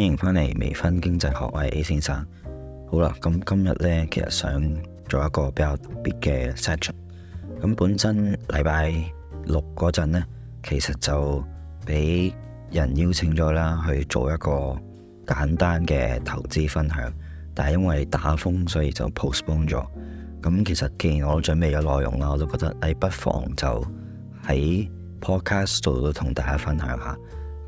歡迎翻嚟，微醺經濟學位 A 先生。好啦，咁今日呢，其實想做一個比較特別嘅 section。咁本身禮拜六嗰陣呢，其實就俾人邀請咗啦，去做一個簡單嘅投資分享。但係因為打風，所以就 postpone 咗。咁其實既然我都準備咗內容啦，我都覺得誒，不妨就喺 podcast 度同大家分享一下。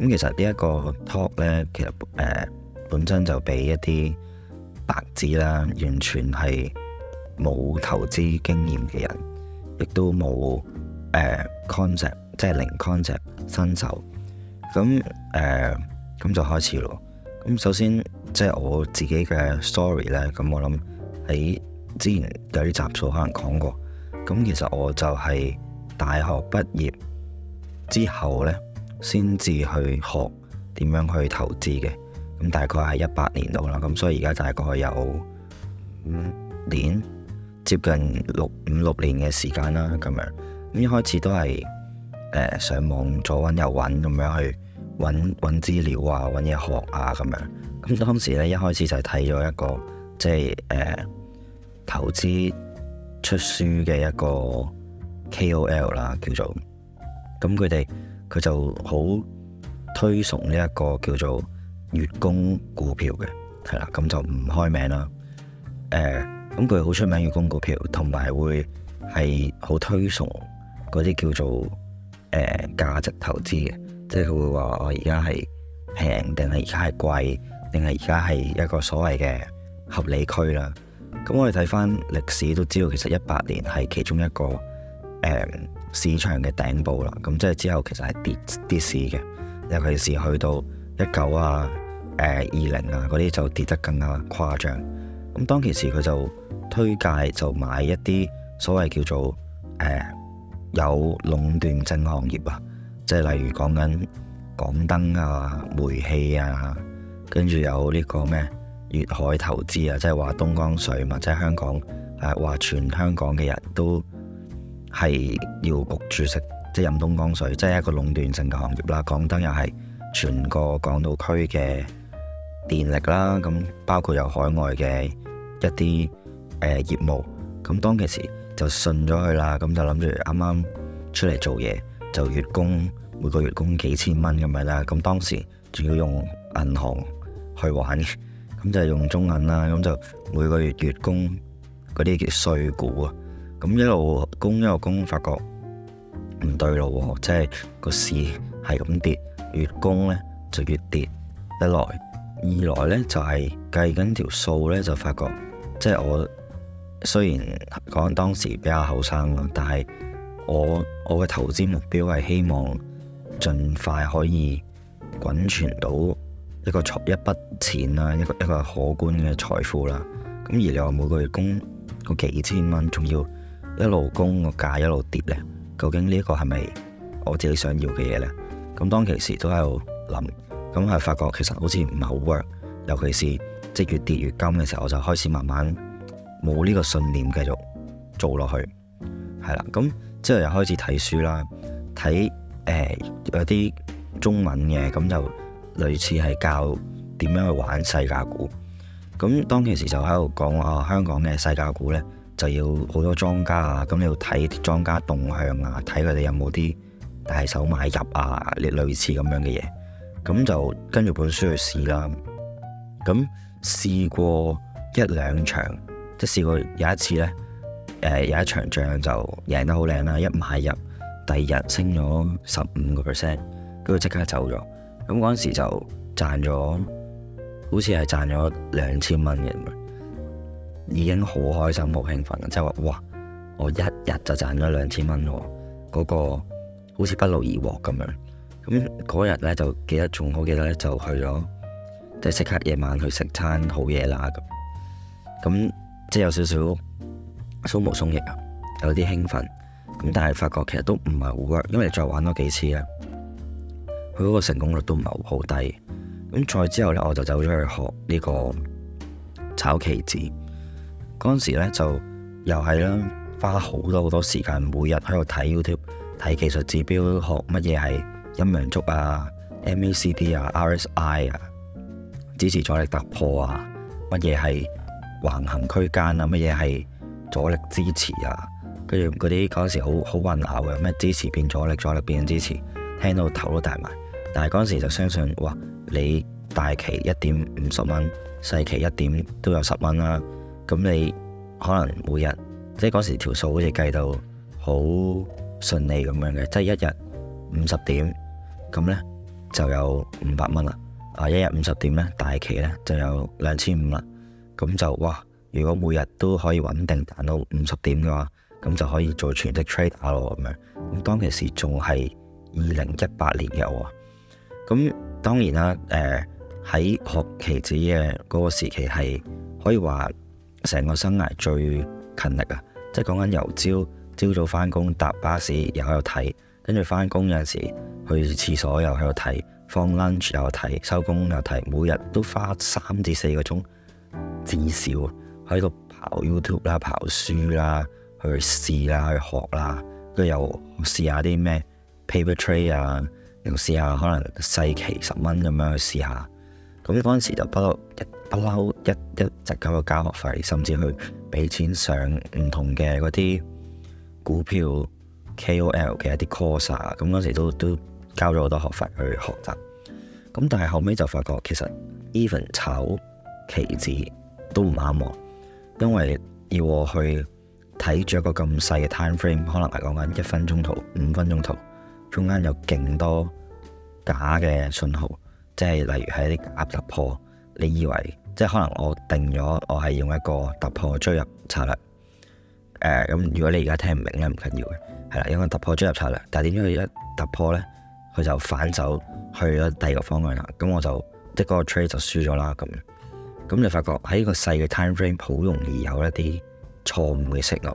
咁其實呢一個 talk 咧，其實誒、呃、本身就俾一啲白紙啦，完全係冇投資經驗嘅人，亦都冇誒 concept，即係零 concept 新手。咁誒咁就開始咯。咁首先即係、就是、我自己嘅 story 咧，咁我諗喺之前有啲集數可能講過。咁其實我就係大學畢業之後咧。先至去學點樣去投資嘅，咁大概係一八年到啦，咁所以而家大概有五年，接近六五六年嘅時間啦，咁樣。咁一開始都係誒、呃、上網左揾右揾咁樣去揾揾資料啊，揾嘢學啊咁樣。咁當時咧一開始就係睇咗一個即係誒投資出書嘅一個 KOL 啦，叫做咁佢哋。佢就好推崇呢一個叫做月供股票嘅，係啦，咁就唔開名啦。誒、呃，咁佢好出名月供股票，同埋會係好推崇嗰啲叫做誒、呃、價值投資嘅，即係佢會話我而家係平，定係而家係貴，定係而家係一個所謂嘅合理區啦。咁我哋睇返歷史都知道，其實一八年係其中一個誒、呃市場嘅頂部啦，咁即係之後其實係跌跌市嘅，尤其是去到一九啊、誒二零啊嗰啲就跌得更加誇張。咁當其時佢就推介就買一啲所謂叫做誒、呃、有壟斷性行業啊，即係例如講緊港燈啊、煤氣啊，跟住有呢個咩粵海投資啊，即係話東江水嘛，即係香港誒話、呃、全香港嘅人都。係要焗住食，即係飲東江水，即係一個壟斷性嘅行業啦。港燈又係全個港島區嘅電力啦，咁包括有海外嘅一啲誒業務。咁當其時就信咗佢啦，咁就諗住啱啱出嚟做嘢就月供，每個月供幾千蚊咁樣啦。咁當時仲要用銀行去玩，咁就用中銀啦，咁就每個月月供嗰啲叫稅股啊。咁一路供一路供，發覺唔對路，即係個市係咁跌，越供呢就越跌。一來，二來呢就係計緊條數呢，就發覺即係我雖然講當時比較後生啦，但係我我嘅投資目標係希望盡快可以滾存到一個一筆錢啦，一個一個可觀嘅財富啦。咁而你話每個月供個幾千蚊，仲要？一路供個價一路跌咧，究竟呢一個係咪我自己想要嘅嘢咧？咁當其時都喺度諗，咁係發覺其實好似唔係好 work，尤其是即越跌越金嘅時候，我就開始慢慢冇呢個信念繼續做落去，係啦。咁之後又開始睇書啦，睇誒、呃、有啲中文嘅，咁就類似係教點樣去玩細價股。咁當其時就喺度講啊，香港嘅細價股咧。就要好多莊家啊，咁你要睇啲莊家動向啊，睇佢哋有冇啲大手買入啊，啲類似咁樣嘅嘢，咁就跟住本書去試啦。咁試過一兩場，即試過有一次呢，誒有一場仗就贏得好靚啦，一買入第二日升咗十五個 percent，跟住即刻走咗，咁嗰陣時就賺咗，好似係賺咗兩千蚊嘅。已經好開心、好興奮嘅，即係話：哇！我一日就賺咗兩千蚊喎，嗰個好似不勞而獲咁樣。咁嗰日呢，就記得仲好記得呢，就去咗，即係即刻夜晚去食餐好嘢啦咁。咁即係有少少鬆毛鬆翼啊，有啲興奮。咁但係發覺其實都唔係好 work，因為再玩多幾次呀，佢嗰個成功率都唔係好低。咁再之後呢，我就走咗去學呢個炒期指。嗰陣時咧，就又係啦，花好多好多時間，每日喺度睇 YouTube，睇技術指標，學乜嘢係陰陽燭啊、MACD 啊、RSI 啊，支持阻力突破啊，乜嘢係橫行區間啊，乜嘢係阻力支持啊，跟住嗰啲嗰陣時好好混淆嘅，咩支持變阻力，阻力變支持，聽到頭都大埋。但係嗰陣時就相信，哇！你大期一點五十蚊，細期一點都有十蚊啦。咁你可能每日即係嗰時條數好似計到好順利咁樣嘅，即、就、係、是、一日五十點，咁咧就有五百蚊啦。啊，一日五十點咧大期咧就有兩千五啦。咁就哇，如果每日都可以穩定賺到五十點嘅話，咁就可以做全職 trader 咯咁樣。咁當其時仲係二零一八年嘅喎，咁當然啦，誒、呃，喺學期指嘅嗰個時期係可以話。成個生涯最勤力啊！即係講緊由朝朝早翻工，搭巴士又喺度睇，跟住翻工有陣時去廁所又喺度睇，放 lunch 又睇，收工又睇，每日都花三至四個鐘至少喺度刨 YouTube 啦、刨書啦、去試啦、去學啦，跟住又試下啲咩 paper tray 啊，又試下可能細期十蚊咁樣去試下。咁嗰陣時就不嬲，不嬲一一,一直咁去交學費，甚至去俾錢上唔同嘅嗰啲股票 KOL 嘅一啲 course 啊，咁嗰陣時都都交咗好多學費去學習。咁但係後尾就發覺其實 even 炒期指都唔啱喎，因為要我去睇住一個咁細嘅 time frame，可能係講緊一分鐘圖、五分鐘圖，中間有勁多假嘅信號。即係例如喺啲假突破，你以為即係可能我定咗我係用一個突破追入策略，誒、呃、咁如果你而家聽唔明咧，唔緊要嘅，係啦，用個突破追入策略，但係點解佢一突破咧，佢就反走去咗第二個方向啦，咁我就一、嗰個 trade 就輸咗啦，咁，咁你發覺喺個細嘅 time frame 好容易有一啲錯誤嘅思路，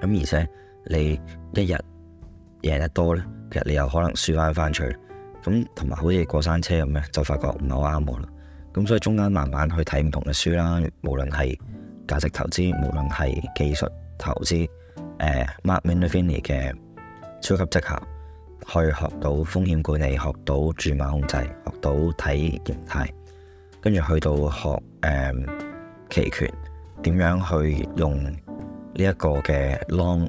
咁而且你一日贏得多咧，其實你又可能輸翻翻出去。咁同埋好似過山車咁嘅，就發覺唔係好啱我啦。咁所以中間慢慢去睇唔同嘅書啦，無論係價值投資，無論係技術投資，誒 Mark Minervini 嘅超級績效，可以學到風險管理，學到注碼控制，學到睇形態，跟住去到學誒期權，點樣去用呢一個嘅 long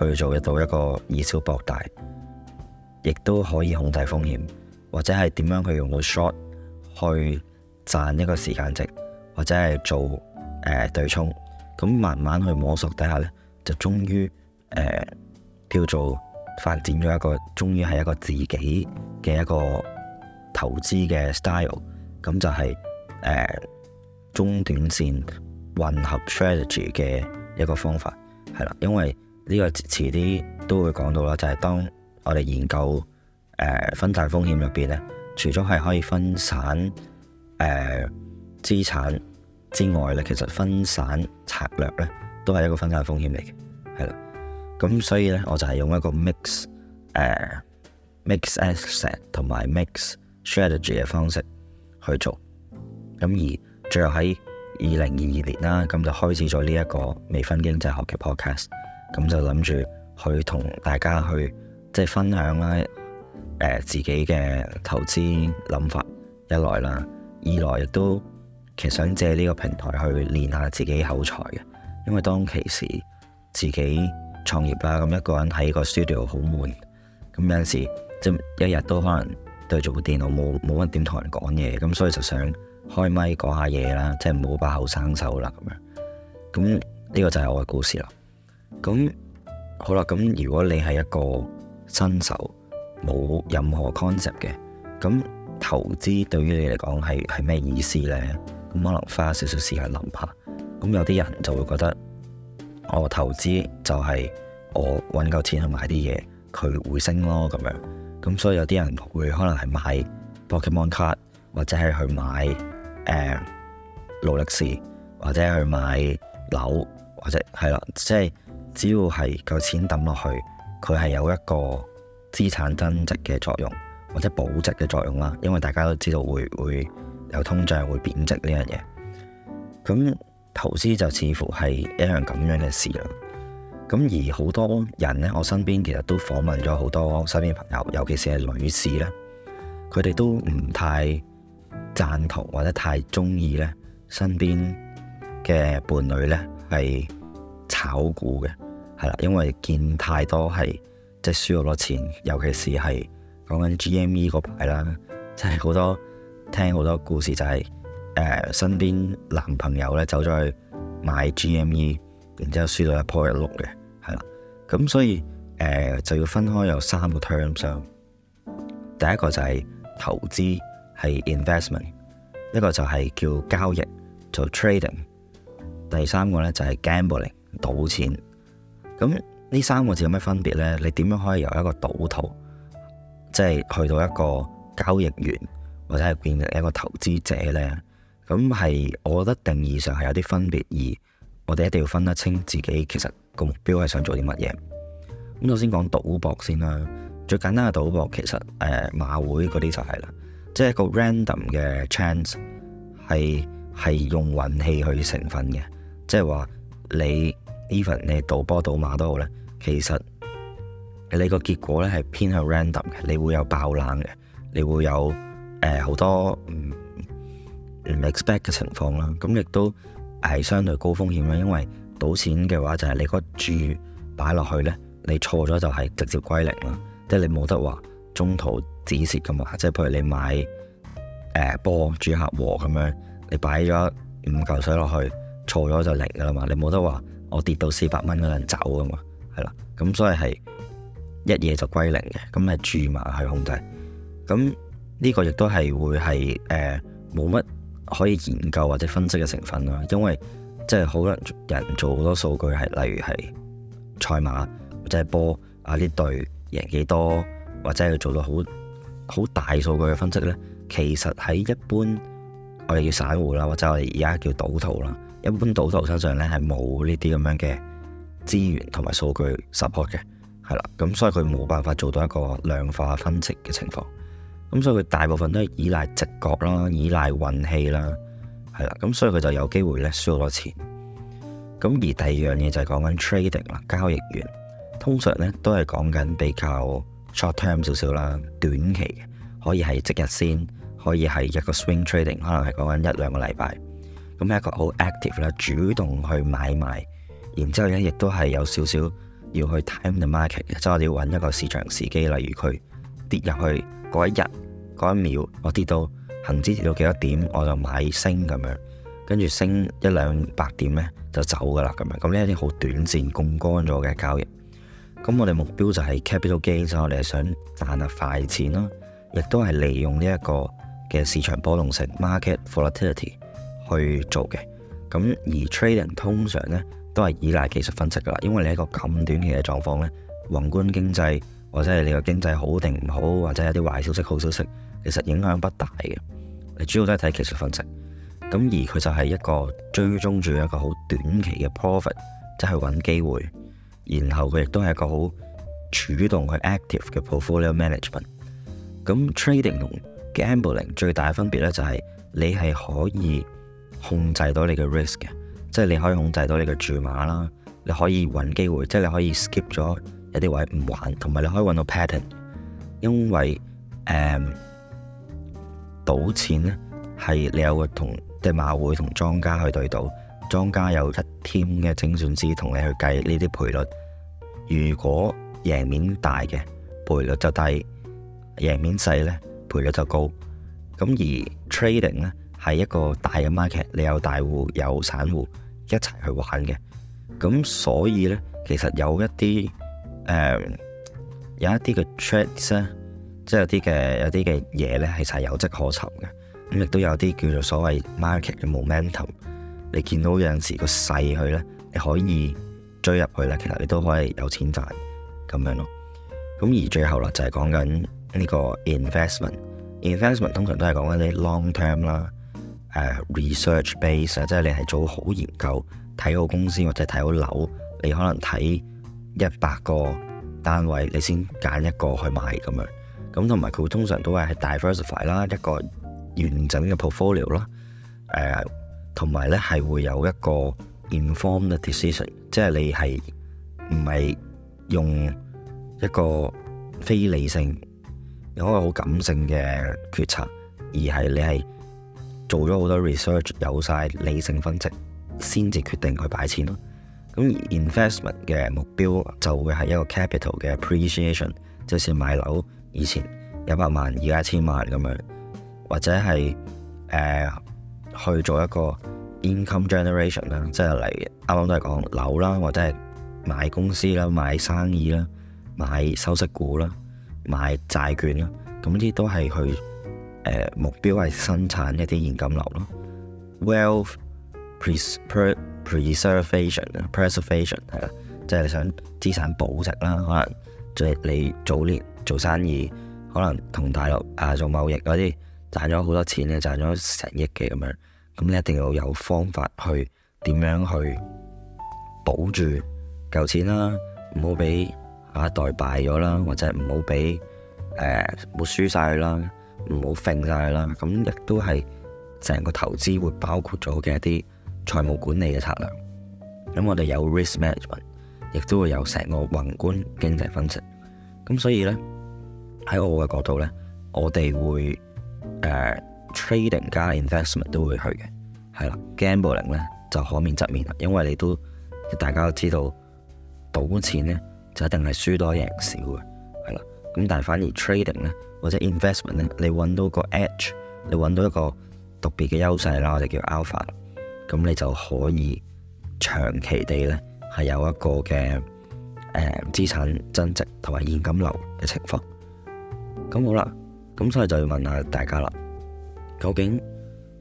去做得到一個以小博大，亦都可以控制風險，或者係點樣去用到 short 去賺一個時間值，或者係做誒、呃、對沖，咁慢慢去摸索底下咧，就終於誒、呃、叫做發展咗一個終於係一個自己嘅一個投資嘅 style，咁就係、是、誒、呃、中短線混合 strategy 嘅一個方法，係啦，因為呢、這個遲啲都會講到啦，就係、是、當。我哋研究誒、呃、分散風險入邊咧，除咗係可以分散誒資、呃、產之外咧，其實分散策略咧都係一個分散風險嚟嘅，係啦。咁所以咧，我就係用一個 mix 誒、呃、mix asset 同埋 mix strategy 嘅方式去做。咁而最後喺二零二二年啦，咁就開始咗呢一個微醺經濟學嘅 podcast，咁就諗住去同大家去。即係分享啦，誒自己嘅投資諗法，一來啦，二來亦都其實想借呢個平台去練下自己口才嘅，因為當其時自己創業啦，咁一個人喺個 studio 好悶，咁有陣時即一日都可能對住部電腦，冇冇乜點同人講嘢，咁所以就想開咪講下嘢啦，即係唔好把口生手啦咁樣，咁呢個就係我嘅故事啦。咁好啦，咁如果你係一個。新手冇任何 concept 嘅，咁投資對於你嚟講係係咩意思呢？咁可能花少少時間諗下。咁有啲人就會覺得，我投資就係我揾夠錢去買啲嘢，佢會升咯咁樣。咁所以有啲人會可能係買 Pokemon card，或者係去買誒勞力士，或者去買樓，或者係啦，即係、就是、只要係夠錢抌落去。佢係有一個資產增值嘅作用，或者保值嘅作用啦。因為大家都知道會會有通脹、會貶值呢樣嘢。咁投資就似乎係一樣咁樣嘅事啦。咁而好多人呢，我身邊其實都訪問咗好多身邊朋友，尤其是係女士呢，佢哋都唔太贊同或者太鍾意呢身邊嘅伴侶呢係炒股嘅。係啦，因為見太多係即係輸咗好多錢，尤其是係講緊 GME 嗰排啦，即係好多聽好多故事就係、是、誒、呃、身邊男朋友咧走咗去買 GME，然之後輸到一鋪一碌嘅，係啦，咁所以誒、呃、就要分開有三個 term 上，第一個就係投資係 investment，一個就係叫交易做、就是、trading，第三個咧就係 gambling 賭錢。咁呢三個字有咩分別呢？你點樣可以由一個賭徒，即係去到一個交易員，或者係變成一個投資者呢？咁係我覺得定義上係有啲分別，而我哋一定要分得清自己其實個目標係想做啲乜嘢。咁首先講賭博先啦，最簡單嘅賭博其實誒、呃、馬會嗰啲就係、是、啦，即係一個 random 嘅 chance，係係用運氣去成分嘅，即係話你。Even 你係賭波賭馬都好咧，其實你個結果咧係偏向 random 嘅，你會有爆冷嘅，你會有誒好、呃、多唔 expect 嘅情況啦。咁亦都係相對高風險啦，因為賭錢嘅話就係你個注擺落去咧，你錯咗就係直接歸零啦，即係你冇得話中途止蝕噶嘛。即係譬如你買誒波主客和咁樣，你擺咗五嚿水落去，錯咗就零噶啦嘛，你冇得話。我跌到四百蚊嗰陣走啊嘛，係啦，咁所以係一夜就歸零嘅，咁係注碼去控制，咁呢、嗯、個亦都係會係誒冇乜可以研究或者分析嘅成分啦，因為即係好多人做好多數據係，例如係賽馬或者係波啊呢隊贏幾多，或者係、啊、做到好好大數據嘅分析呢，其實喺一般我哋叫散戶啦，或者我哋而家叫賭徒啦。一般賭徒身上咧，係冇呢啲咁樣嘅資源同埋數據 support 嘅，係啦，咁所以佢冇辦法做到一個量化分析嘅情況，咁所以佢大部分都係依賴直覺啦，依賴運氣啦，係啦，咁所以佢就有機會咧，輸好多錢。咁而第二樣嘢就係講緊 trading 啦，交易員通常咧，都係講緊比較 short term 少少啦，短期嘅，可以係即日先，可以係一個 swing trading，可能係講緊一兩個禮拜。咁一個好 active 啦，主動去買賣，然之後咧亦都係有少少要去 time the market，即係我哋要揾一個市場時機。例如佢跌入去嗰一日嗰一秒，我跌到恆指跌到幾多點，我就買升咁樣，跟住升一兩百點咧就走㗎啦。咁樣咁呢一啲好短線，槓桿咗嘅交易。咁我哋目標就係 capital gains，我哋係想賺下快錢啦，亦都係利用呢一個嘅市場波動性 （market volatility）。去做嘅。咁而 trading 通常咧都係依賴技術分析噶啦，因為你一個咁短期嘅狀況咧，宏觀經濟或者係你個經濟好定唔好，或者有啲壞消息、好消息，其實影響不大嘅。你主要都係睇技術分析。咁而佢就係一個追蹤住一個好短期嘅 profit，即係揾機會，然後佢亦都係一個好主動去 active 嘅 portfolio management。咁 trading 同 gambling 最大嘅分別咧就係你係可以。控制到你嘅 risk 嘅，即係你可以控制到你嘅注碼啦，你可以揾機會，即係你可以 skip 咗一啲位唔玩，同埋你可以揾到 pattern，因為誒、嗯、賭錢呢，係你有個同即係馬會同莊家去對賭，莊家有一 team 嘅精算師同你去計呢啲賠率，如果贏面大嘅賠率就低，贏面細呢賠率就高，咁而 trading 呢？係一個大嘅 market，你有大戶有散戶一齊去玩嘅，咁所以呢，其實有一啲誒、呃、有一啲嘅 trades 即係有啲嘅有啲嘅嘢咧，係實係有跡可尋嘅。咁亦都有啲叫做所謂 market 嘅 momentum，你見到有陣時個勢去呢，你可以追入去呢，其實你都可以有錢賺咁樣咯。咁而最後啦，就係講緊呢個 investment。investment 通常都係講緊啲 long term 啦。誒 research base 啊，即係你係做好研究睇好公司或者睇好樓，你可能睇一百個單位，你先揀一個去買咁樣。咁同埋佢通常都係係 diversify 啦，一個完整嘅 portfolio 啦、啊。誒，同埋咧係會有一個 informed decision，即係你係唔係用一個非理性，有一個好感性嘅決策，而係你係。做咗好多 research，有晒理性分析，先至決定去擺錢咯。咁 investment 嘅目標就會係一個 capital 嘅 appreciation，即係買樓以前一百萬而家一千萬咁樣，或者係誒、呃、去做一個 income generation 啦，即係嚟啱啱都係講樓啦，或者係買公司啦、買生意啦、買收息股啦、買債券啦，咁呢啲都係去。目標係生產一啲現金流咯，wealth preservation，preservation 係 Pres 啦，即係想資產保值啦。可能在你早年做生意，可能同大陸啊做貿易嗰啲賺咗好多錢咧，賺咗成億嘅咁樣，咁你一定要有方法去點樣去保住舊錢啦，唔好俾下一代敗咗啦，或者唔好俾誒冇輸晒啦。啊唔好揈曬啦，咁亦都係成個投資會包括咗嘅一啲財務管理嘅策略。咁我哋有 risk management，亦都會有成個宏觀經濟分析。咁所以呢，喺我嘅角度呢，我哋會誒、uh, trading 加 investment 都會去嘅，係啦。gambling 呢就可免則免啦，因為你都大家都知道，賭錢呢就一定係輸多贏少嘅，係啦。咁但係反而 trading 呢。或者 investment 咧，你揾到個 edge，你揾到一個特別嘅優勢啦，我哋叫 alpha。咁你就可以長期地咧，係有一個嘅誒資產增值同埋現金流嘅情況。咁好啦，咁所以就要問下大家啦，究竟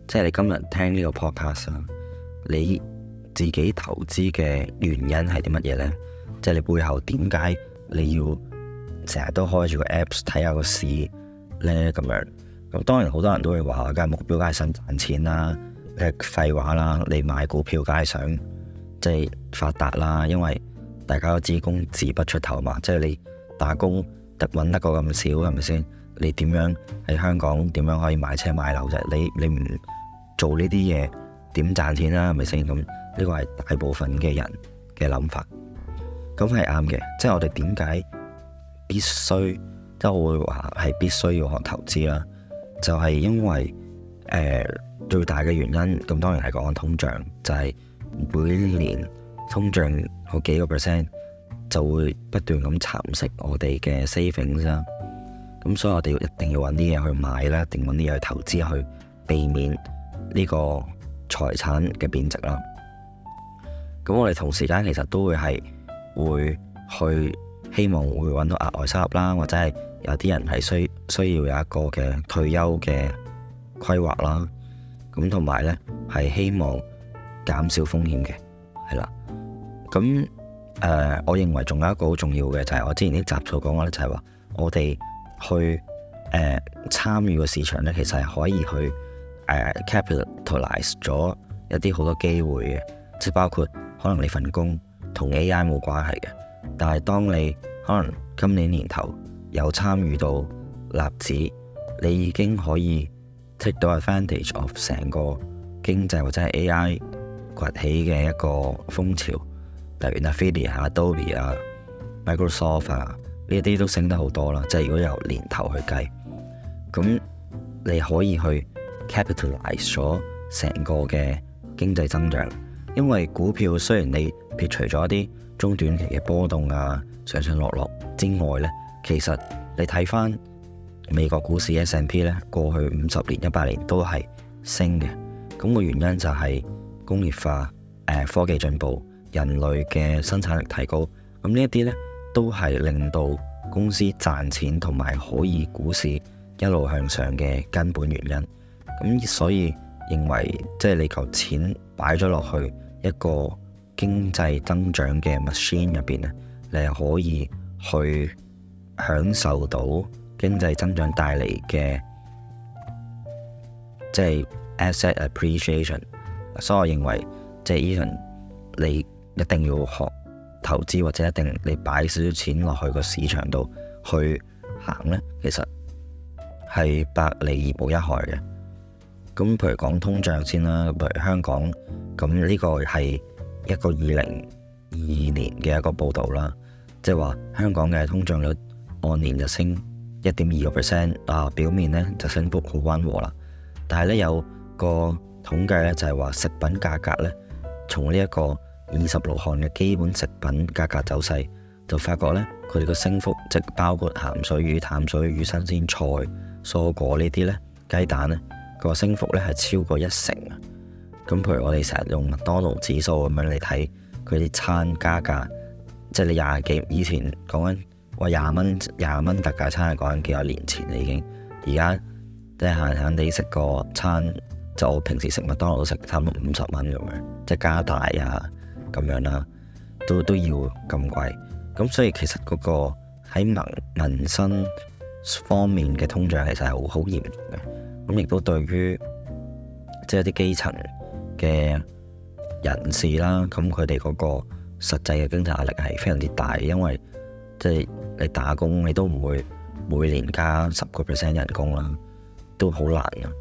即係你今日聽呢個 podcast，你自己投資嘅原因係啲乜嘢呢？即係你背後點解你要？成日都開住個 Apps 睇下個市呢，咁樣咁。當然好多人都會話，梗係目標梗係想賺錢啦，咩廢話啦。你買股票梗係想即係、就是、發達啦，因為大家都知工字不出頭嘛，即係你打工得揾得個咁少，係咪先？你點樣喺香港點樣可以買車買樓啫？你你唔做呢啲嘢點賺錢啊？係咪先咁？呢個係大部分嘅人嘅諗法，咁係啱嘅，即係我哋點解？必須即係我會話係必須要學投資啦，就係、是、因為誒、呃、最大嘅原因，咁當然係講緊通脹，就係、是、每年通脹個幾個 percent 就會不斷咁蠶食我哋嘅 saving 啦。咁所以我哋一定要揾啲嘢去買啦，一定揾啲嘢去投資去避免呢個財產嘅貶值啦。咁我哋同時間其實都會係會去。希望會揾到額外收入啦，或者係有啲人係需要需要有一個嘅退休嘅規劃啦。咁同埋呢係希望減少風險嘅，係啦。咁誒、呃，我認為仲有一個好重要嘅就係、是、我之前啲集數講嘅呢，就係話我哋去誒、呃、參與嘅市場呢，其實係可以去誒、呃、capitalise 咗一啲好多機會嘅，即、就是、包括可能你份工同 AI 冇關係嘅。但係當你可能今年年頭有參與到納指，你已經可以 take 到 advantage of 成個經濟或者係 AI 崛起嘅一個風潮，例如 Nvidia 啊、Adobe 啊、Microsoft 啊呢啲都升得好多啦。即係如果由年頭去計，咁你可以去 capitalise 咗成個嘅經濟增長。因為股票雖然你撇除咗一啲中短期嘅波動啊、上上落落之外呢，其實你睇返美國股市 S&P 呢，過去五十年、一百年都係升嘅。咁個原因就係工業化、呃、科技進步、人類嘅生產力提高。咁呢一啲呢，都係令到公司賺錢同埋可以股市一路向上嘅根本原因。咁所以認為即係你求錢擺咗落去，一個經濟增長嘅 machine 入邊啊，你係可以去享受到經濟增長帶嚟嘅，即係 asset appreciation。所以我認為，即係 even 你一定要學投資或者一定你擺少少錢落去個市場度去行咧，其實係百利而無一害嘅。咁譬如講通脹先啦，譬如香港。咁呢個係一個二零二二年嘅一個報導啦，即係話香港嘅通脹率按年就升一點二個 percent 啊，表面咧就升幅好溫和啦。但係咧有個統計咧就係話食品價格咧，從呢一個二十六項嘅基本食品價格走勢，就發覺咧佢哋嘅升幅，即包括鹹水魚、淡水魚、新鮮菜、蔬果呢啲咧、雞蛋咧，個升幅咧係超過一成啊！咁譬如我哋成日用麥當勞指數咁樣嚟睇佢啲餐加價，即係你廿幾以前講緊話廿蚊、廿蚊特價餐嘅講緊幾多年前你已經，而家即係閒閒地食個餐，就平時食麥當勞都食差唔多五十蚊咁樣，即係加大啊咁樣啦，都都要咁貴。咁所以其實嗰個喺民民生方面嘅通脹其實係好好嚴重嘅，咁亦都對於即係啲基層嘅人士啦，咁佢哋嗰個實際嘅經濟壓力係非常之大，因為即係你打工，你都唔會每年加十個 percent 人工啦，都好難啊！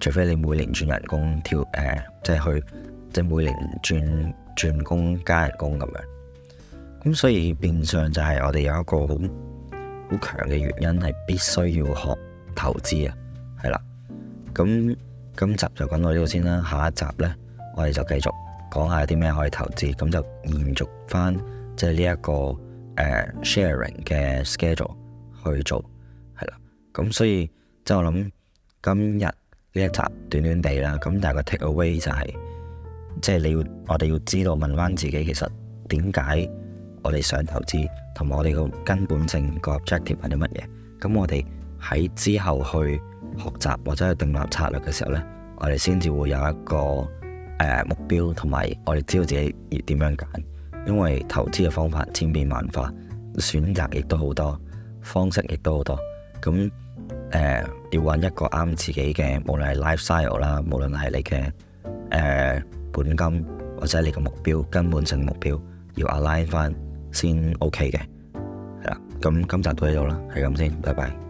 除非你每年轉人工跳誒，即係，呃，即係去，即係，每年轉轉工加人工咁樣，咁所以變相就係我哋有一個好好強嘅原因係必須要學投資啊，係啦，咁。今集就講到呢度先啦，下一集呢，我哋就繼續講下啲咩可以投資，咁就延續翻即係呢一個誒、uh, sharing 嘅 schedule 去做係啦。咁所以即係我諗今日呢一集短短地啦，咁但係個 take away 就係即係你要我哋要知道問翻自己，其實點解我哋想投資，同埋我哋個根本性個 objective 係啲乜嘢。咁我哋喺之後去學習或者去定立策略嘅時候呢，我哋先至會有一個誒、呃、目標，同埋我哋知道自己要點樣揀。因為投資嘅方法千變萬化，選擇亦都好多，方式亦都好多。咁誒、呃、要揾一個啱自己嘅，無論係 lifestyle 啦，無論係你嘅誒、呃、本金或者你嘅目標，根本性目標要 align 翻先 OK 嘅，係啦。咁今集到呢度啦，係咁先，拜拜。